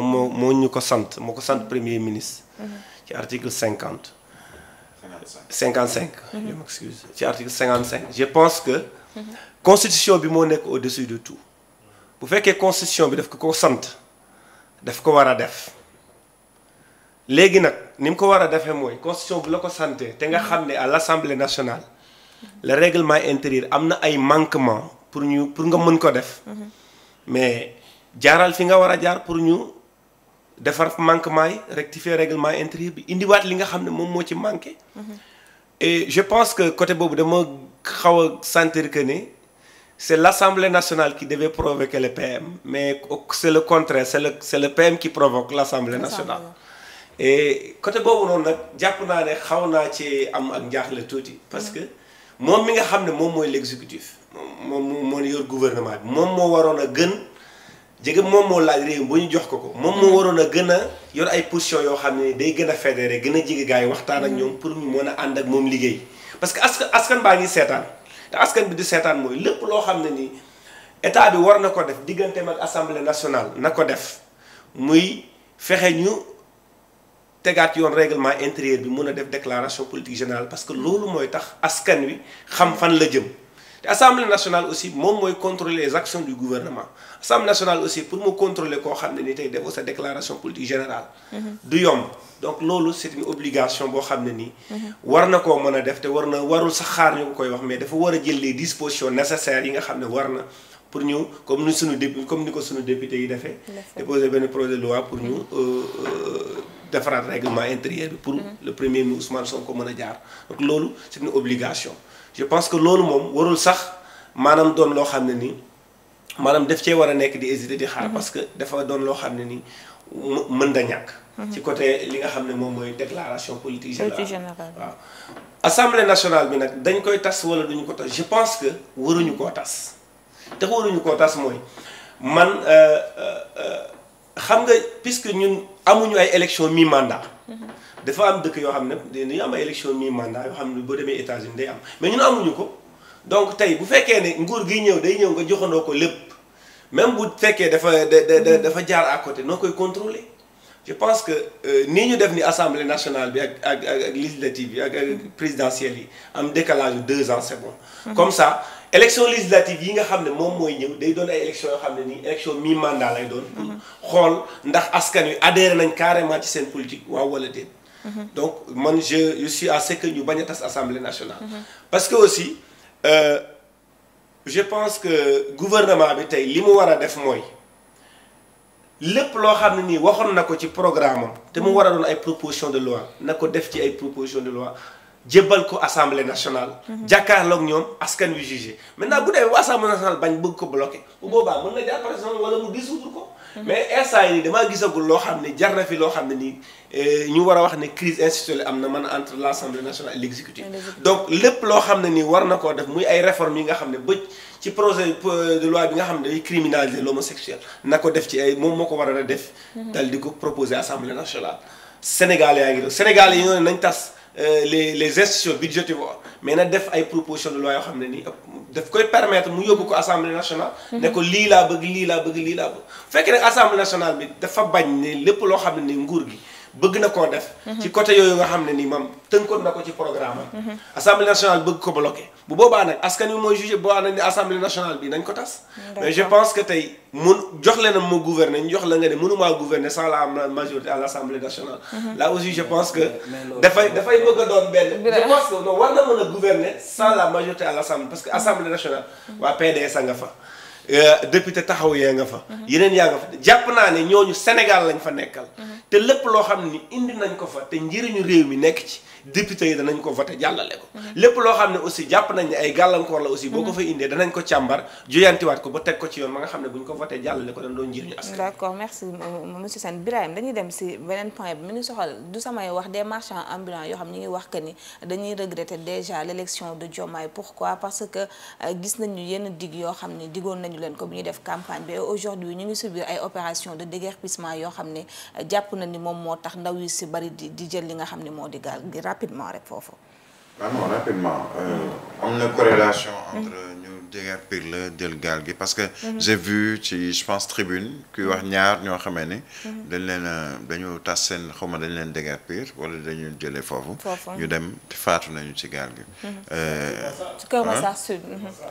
moo moo ñu ko sant moo ko sant premier ministre. Mhm. ci article cinquante. cinquante cinq. Mhm. ci article cinquante cinq. je pense que. Mhm. constitution bi moo nekk au-dessus de tout. bu fekkee constitution bi daf ko ko sant daf ko war a def léegi nag ni mu ko war a defee mooy constitution bu la ko santé te nga xam ne à l'Assemblée nationale. le règlement intérieur am na ay manquement pour ñu pour nga mën ko def. mais jaaral fi nga war a jaar pour ñu. defar manquement yi rectifier règlement intérieur bi indiwaat li nga xam ne moom moo ci manqué. et je pense que côté boobu dama xaw a sentir que ne c' est l' assemblée nationale qui devait provoquer le PM mais c' est le contraire c' est le c' est le PM qui provoque l' assemblée nationale. et côté boobu noonu nag jàpp naa ne xaw naa ci am ak njaaxle tuuti parce mm. que moom mi nga xam ne moom mooy l' exécutif moom moo yor gouvernement moom moo waroon a gën. jege moom moo laaj réew bu ñu jox ko ko moom moo waroon a gën a yor ay position yoo xam ne day gën a fédéré gën a jege gars yi waxtaan ak mm-hmm. ñoom pour ñu mën a ànd ak moom liggéey parce que askan askan baa ngi seetaan te askan bi du seetaan mooy lépp loo xam ne nii état bi war na ko def digganteem ak assemblée national na ko def muy fexe ñu tegaat yoon règlement intérieur bi mun a def déclaration politique générale parce que loolu mooy tax askan wi xam fan la jëm te assemblée nationale aussi moom mooy contrôler les actions du gouvernement assemblée nationale aussi pour mu contrôler koo xam ne ni tey defoo sa déclaration politique générale. Mm-hmm. du yomb donc loolu c'est une obligation boo xam ne nii. Mm-hmm. war na koo mën a def te war na warul sax xaar ñu ko koy wax mais dafa war a jël les dispositions nécessaires yi nga xam ne war na. pour ñu comme ni suñu député comme ni ko suñu député yi defee déposer benn projet de loi pour mm-hmm. euh, euh, defaraat règlement intérieur bi pour mhm. le premier ministre Ousmane Sonko mën a jaar donc loolu c'est une obligation je pense que loolu moom warul sax maanaam doon loo xam ne ni maanaam def cee war a nekk di hésiter di xaar mhm. parce que dafa doon loo xam ne nii mën da ñàkk mhm. ci côté li nga xam ne moom mooy déclaration politique générale waaw assemblée nationale bi nag dañ koy tas wala duñu ko tas je pense que waruñu koo tas te waruñu koo tas mooy man euh, euh, euh, xam nga puisque ñun amuñu ay élection mi mandat dafa am dëkk yoo xam ne dañu am ay élection mi mandat yoo xam ne boo demee États-Unis day am mais ñun amuñu ko donc tey bu fekkee ne nguur gi ñëw day ñëw nga joxandoo ko lépp même bu fekkee dafa da dafa jaar à côté noo koy contrôler je pense que euh, ni ñu def ni assemblée nationale bi ak ak ak yi ak ak présidentielle yi am décalage de deux ans c'est mhm. comme ça élection législative yi nga xam ne moom mooy ñëw day doon ay élection yoo xam ne nii élection mi mandat lay doon. Mhm. xool ndax askan wi adhéré nañ carrément ci seen politique waaw wala déet. Mhm. donc man je je suis à que ñu bañ a tas assemblée nationale. parce que aussi euh, je pense que gouvernement bi tey li mu war a def mooy. lépp loo xam ne nii waxoon na ko ci programme am te mu war doon ay proposition de loi na ko def ci ay proposition de loi jébbal ko assemblée nationale. Mhm. jàkkaarlook ñoom askan wi jugé. maintenant bu demee ba assemblée nationale bañ bëgg ko bloqué bu boobaa mën na jaar par exemple wala mu dissoudre ko. Mhm. mais instant yi nii damaa gisagul loo xam ne jar na fi loo xam ne nii euh, ñu war a wax ne crise institutionnelle am na man entre l' assemblée nationale et l' donc lépp loo xam ne nii war na koo def muy ay réformes yi nga xam ne bëj ci projet euh, de loi bi nga xam ne day criminaliser l' homosexuel na ko def ci ay moom moo ko war a def. Mhm. di ko proposer assemblée nationale. Sénégal yaa ngi doon Sénégal yi ñoo tas. Euh, les bi institutions budgétivores mais na def ay proposition de loi yoo xam ne nii daf koy permettre mu yóbbu ko assemblée nationale. Mhm. ne ko lii laa bëgg lii laa bëgg lii laa bëgg. bu fekkee nag nationale bi dafa bañ ne lépp loo xam ne nii nguur gi. bëgg na koo def. ci côté yooyu nga xam ne ni moom tënkoon na ko ci programme am. assemblée nationale bëgg ko bloqué bu boobaa nag askan wi mooy jugé boobaa nag ne assemblée nationale bi nañ ko tas. mais pense que tey mun jox leen a ma ñu jox la nga ne mënumaa gouverner sans la majorité à l' assemblée mhm. je pense que. dafay dafay bëgg a doon benn. je pense que non war na la assemblée parce que mhm. assemblée nationale. Mhm. waa PDS a nga fa. Euh, député taxaw yee nga fa. yeneen yaa nga fa jàpp naa ne ñooñu Sénégal lañ fa nekkal. te lépp loo xam ni indi nañ ko fa te njëriñu réew mi nekk ci député yi danañ ko voté jàllale ko lépp loo xam ne aussi jàpp nañ ne ay gàllankoor la aussi boo ko fa indee danañ ko càmbar juyantiwaat ko ba teg ko ci yoon ma nga xam ne bu ñu ko voté jàllale ko dana doon njëriñu askan d'accord merci euh, monsieur Sène bi mi ngi soxal du samay wax des marchands ambulants yoo xam ñu ngi wax que ni dañuy regretter déjà l'élection de pour pourquoi parce que euh, gis nañu yenn dig yoo xam ne digoon nañu leen ko bu ñuy def campagne bi aujourd'hui ñu ngi subir yoo xam ne euh, jàpp na ni moom moo tax ndaw yi si bari di di jël li nga xam ne moo di gaal rapidement rek foofu. vraiment rapidement euh, am na corrélation entre ñu jegeer piir la jël gaal gi parce que mhm. j'ai vu ci je pense tribune kuy wax ñaar ñoo xamee ni mhm. dañ leen dañu tas seen xawma dañ leen jegeer piir wala dañu jële foofu ñu dem faatu nañu ci gaal gi mhm. euh,